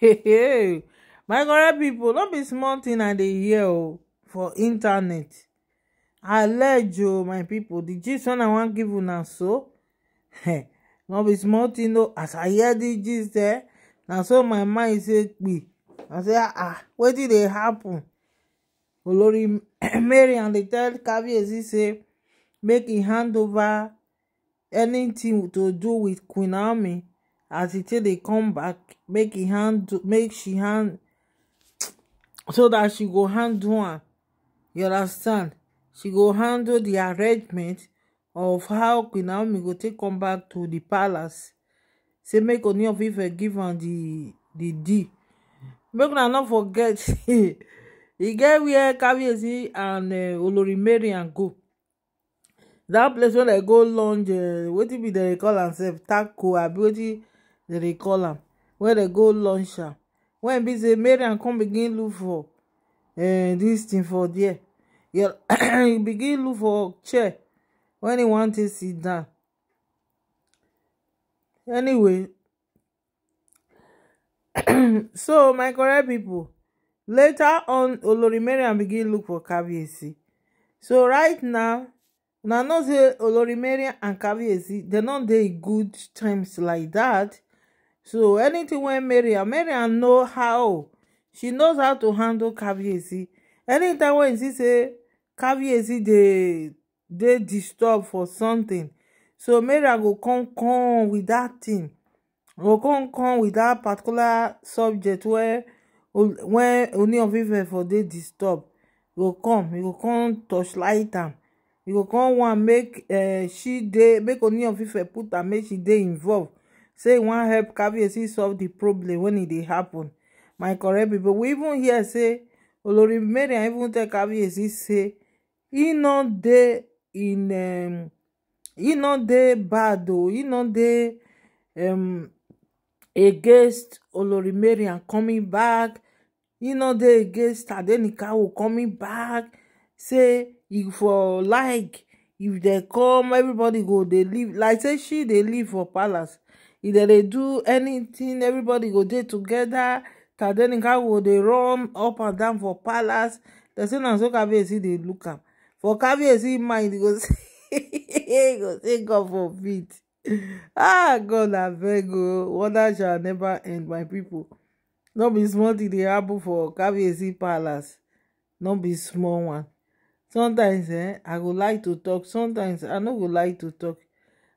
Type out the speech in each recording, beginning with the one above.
my correct pipo no be small tin i dey hear o oh, for internet alejo oh, my pipo di gist wey i wan give na so no be small tin o oh, as i hear di gist eh na so my mind say kpi i say ah, ah wetin dey happen olori marian dey tell kabiyesi say make e hand over anytin to do wit queen army as he take they come back make he hand, make she hand so that she go handle am you understand she go handle the arrangement of how queen naomi go take come back to the palace say make only of ife give the di deal make una not forget He get where kabiyesi and eh, olori Mary and go That place wey they go lunch eh, wetin be they call am sef taco Beauty. wetin They recall call am where dem go launch am wen be say come begin look for eh, this thing for there he begin look for chair when he wan take sit down anyway so my correct people later on olori mariam begin look for caviarcy so right now na know say olori and caviarcy dem no dey good terms like that. so anything when maryam maryam know how she knows how to handle caviezi anytime wey you see say caviezi dey dey disturb for something so maryam go come come with that thing go come come with that particular subject where when oni of ife for dey disturb go come you go come touch light them, you go come wan make eh, she dey make oni of ife put am make she dey involved say e wan help kabiyesi solve di problem wen e dey happen my correct pipo we even hear say olori mariam even tell kabiyesi say e no dey in um, e no dey bad o oh, e no dey um, against olori mariam coming back e no dey against adenikawo coming back say e for like if dem come everybody go dey live like say she dey live for palace if they dey do anything, everybody go dey together. tadenika will they run up and down for palace dem say na so kabiyesi dey look am for kabiyesi mind He go say go say god forbid ah god abeg o oh, wonder shall never end my people. Not be small thing they happen for kabiyesi palace Not be small one sometimes eh i would like to talk sometimes i don't. go like to talk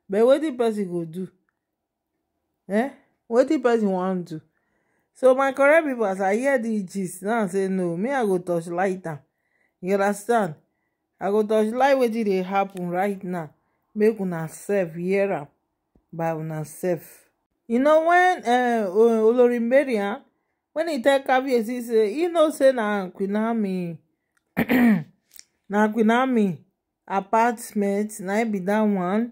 but what the person go do eh wetin person wan do so my correct pipo as i hear dis gist now say no me i go touch light am you understand i go touch light wetin dey happen right now make una sef hear am by una sef you know wen eh, olorimberian ah, wen e tell caviezi say e know say na queen na queen apartment na e be dat one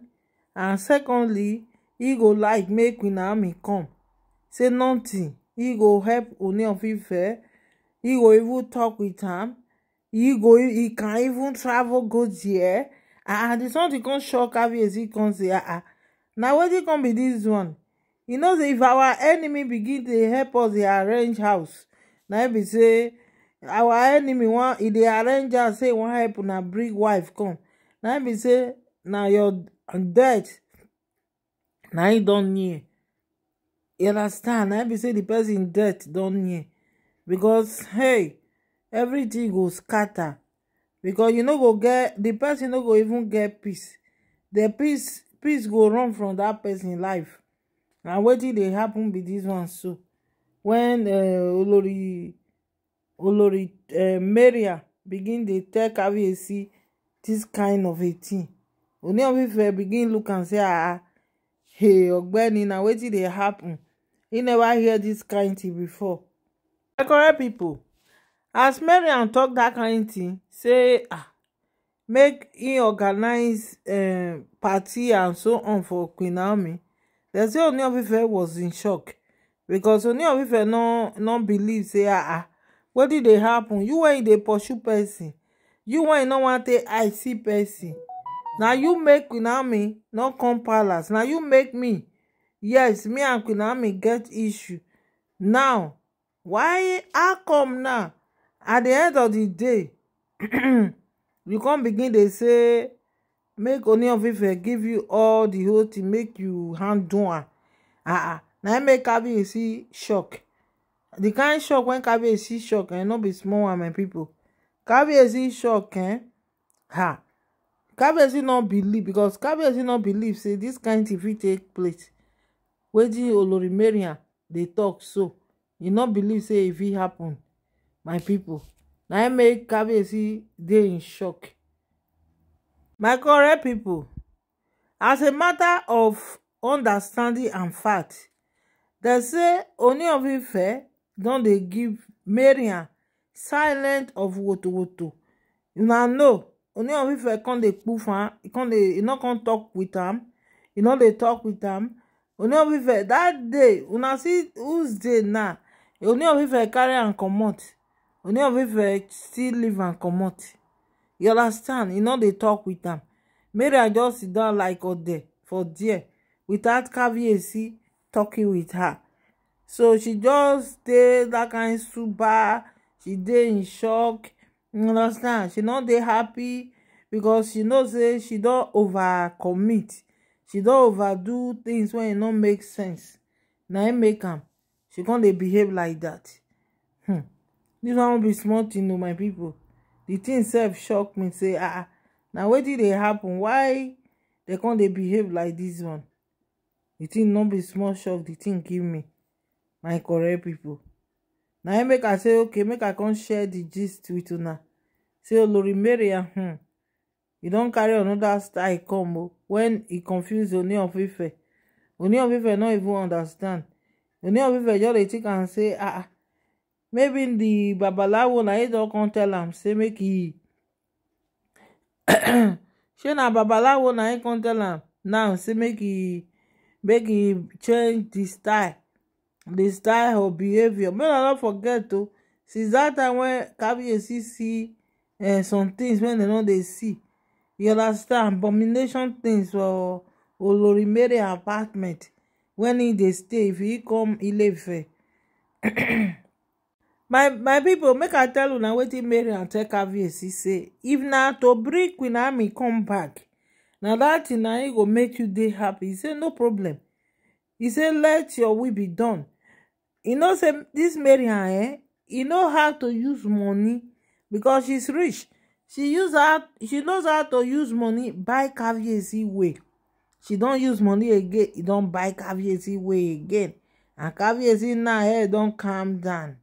and secondly He go like make queen naomi come say nothing He go help oni of ife e go even talk with am He go he can even travel go there ah the something come shock kabiyesi come say ah ah na wetin come be this one you know say if our enemy begin dey help us dey arrange house na be say our enemy wan e dey arrange am say e wan help una bring wife come na be say na your death Now him don near you understand Now be say the person death don near because hey everything go scatter because you no go get the person no go even get peace The peace peace go run from that person life Now what did they happen with this one so when uh olori olori eh, maria begin dey tell caviarcy this kind of a tin oni of begin look am say ah hey ogbeni na did dey happen e never hear this kind thing before correct people. as mariam talk that kind thing, say ah make e organise eh, party and so on for queen naomi dem say oni of was in shock because oni of ife no believe say ah ah did dey happen you wen e dey pursue pesin you wen e no wan take eye see pesin na you make queen kunami no come palace na you make me yes me and queen kunami get issue now why how come now at the end of the day you come begin dey say. make oni ife give you all di whole thing make you handle am ah na im make kabiyesi shock di kind shock wey kabiyesi shock eh, no be small one my pipo kabiyesi shock eh? ha. kabezi no believe because kabezi no believe say this kind tin fit take place wetin olorimeria dey talk so e no believe say e fit happen my pipo na im e make kabezi dey in shock my correct pipo as a matter of understanding and fact dem say oni of ife don dey give marian silent of wotowoto una know only of ife come dey poof am e come dey e no come talk with them. e no dey talk with am only of ife that day una see whose day na only of ife carry am comot only of ife still live en comot you understand e no dey talk with them. am maria just sit down like ode for dear, without Kabiyesi talking with her so she just dey that kind super. she dey in shock you understand she not dey happy because she know say she don't overcommit, she don't overdo things when it e no make sense Now it make am she can't behave like that. hmm dis one be small thing to oh, my people. The thing self shock me say ah now ah, na did dey happen why they can't dey behave like this one The thing not be small shock The thing give me my correct people na him make i say okay make i come share the gist with una say olorimeria oh, ah, hmm you don carry another style come o oh, wen e confuse oni of ife oni of ife no even understand oni of ife just dey think am say ah, ah maybe the babalawo na him don come tell am say make he, shey na babalawo na him come tell am now say make he, make he change the style the style her behavior make I no forget to. since that time wen kabiyesi see uh, some things when they know they see you understand abomination things for Olori Mary apartment when he dey stay if e come Ile-Ife my my people make i tell you now. una wetin Mariam tell Kabiyesi say if now to bring Queen Naomi come back now that now na go make you dey happy He say no problem He say let your will be done you know say this maryam eh e know how to use money because she's rich she use she knows how to use money buy caviarcy way she don use money again e don buy caviarcy way again and caviarcy now head eh, don calm down